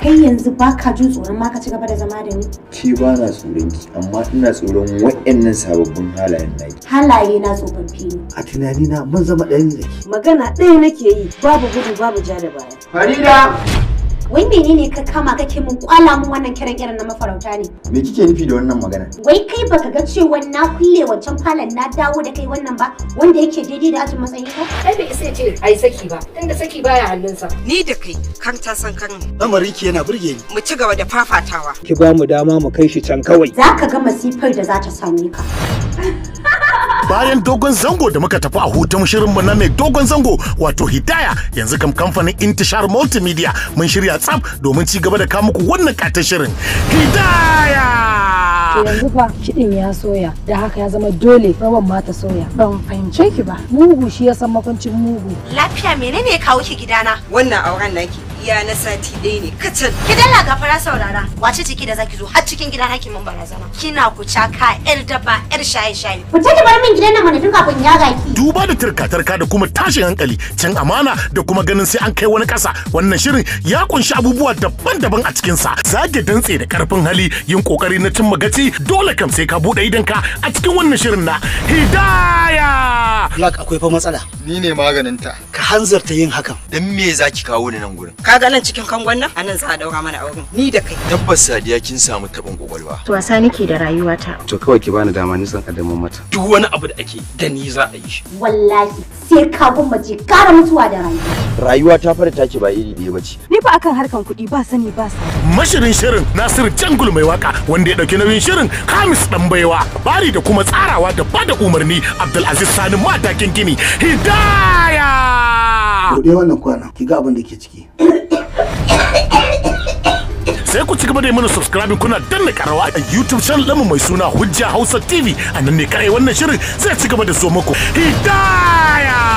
kai yanzu ba ka jin tsoron ma ka ci gaba da zama da ni? Ki ba na tsoron ki, amma ina tsoron waɗannan sababbin halayen ki. Halaye na tsofaffi ne. A tunani na mun zama ɗayan da Magana ɗaya nake yi, babu gudu babu ja da baya. Farida! Wai menene ka kama kake mun kwala mun wannan kiran kiran na mafarauta ne? Me kike nufi da wannan magana? Wai kai baka ga cewa na kulle wancan falon na dawo da kai wannan ba wanda yake daidai da ajin matsayin ka? Kai bai isa ce ai saki ba tunda saki baya hannunsa. Ni da kai kan ta san kan lamarin ki yana burge ni. Mu ci gaba da fafatawa. Ki ba mu dama mu kai shi can kawai. zaka ka ga masifar da za ta same ka. bayan dogon zango da muka tafi a hutun shirin mu na mai dogon zango wato hidaya yanzu kam kamfanin intishar multimedia mun shirya tsaf domin ci gaba da kawo muku wannan katon shirin hidaya yanzu fa kiɗin ya soya da haka ya zama dole rawan ma ta soya ban fahimce ki ba mugu shi ya san makwancin mugu lafiya menene ya kawo ki gidana wannan auren naki iya na sati ɗaya ne kacal. Ki dalla ga fara saurara wace ciki da zaki zo har cikin gidan hakin mun zama Kina ku caka yar daba yar shaye shaye. Ku ta bar min gidan nan mana tun kafin ya gaki. Duba da turka-turka da kuma tashin hankali can amana da kuma ganin sai an kai wani ƙasa wannan shirin ya kunshi abubuwa daban-daban a cikinsa zage dantse da karfin hali yin kokari na cimma gaci dole kam sai ka buɗe idanka a cikin wannan shirin na hidaya. Black akwai fa matsala. Ni ne ta. hanzarta yin hakan. Dan me za ki kawo ni nan gurin? Ka nan cikin kangon nan? A nan za a daura mana auren. Ni da kai. Tabbas Sadiya kin samu taɓin kwakwalwa. To wasa nake da rayuwata. To kawai ki bani dama ni zan kaddamar mata. Duk wani abu da ake da ni za a yi shi. Wallahi sai ka mace kara mutuwa da rayuwa. Rayuwa ta fara take ba iri ɗaya ba ce. Ni fa akan harkan kuɗi ba sani ba sani. Mashirin shirin Nasir Jangul mai waka wanda ya ɗauki nauyin shirin Hamis baiwa. Bari da kuma tsarawa da bada umarni Abdulaziz Sani Madakin Gini. Hidaya! buɗe wannan kwana ki ga abin da ke ciki sai ku ci gaba da yi mana subscribe kuna danna karawa a YouTube channel ɗinmu mai suna Hujja Hausa TV a nan ne kare wannan shirin zai ci gaba da zo muku. Hidaya!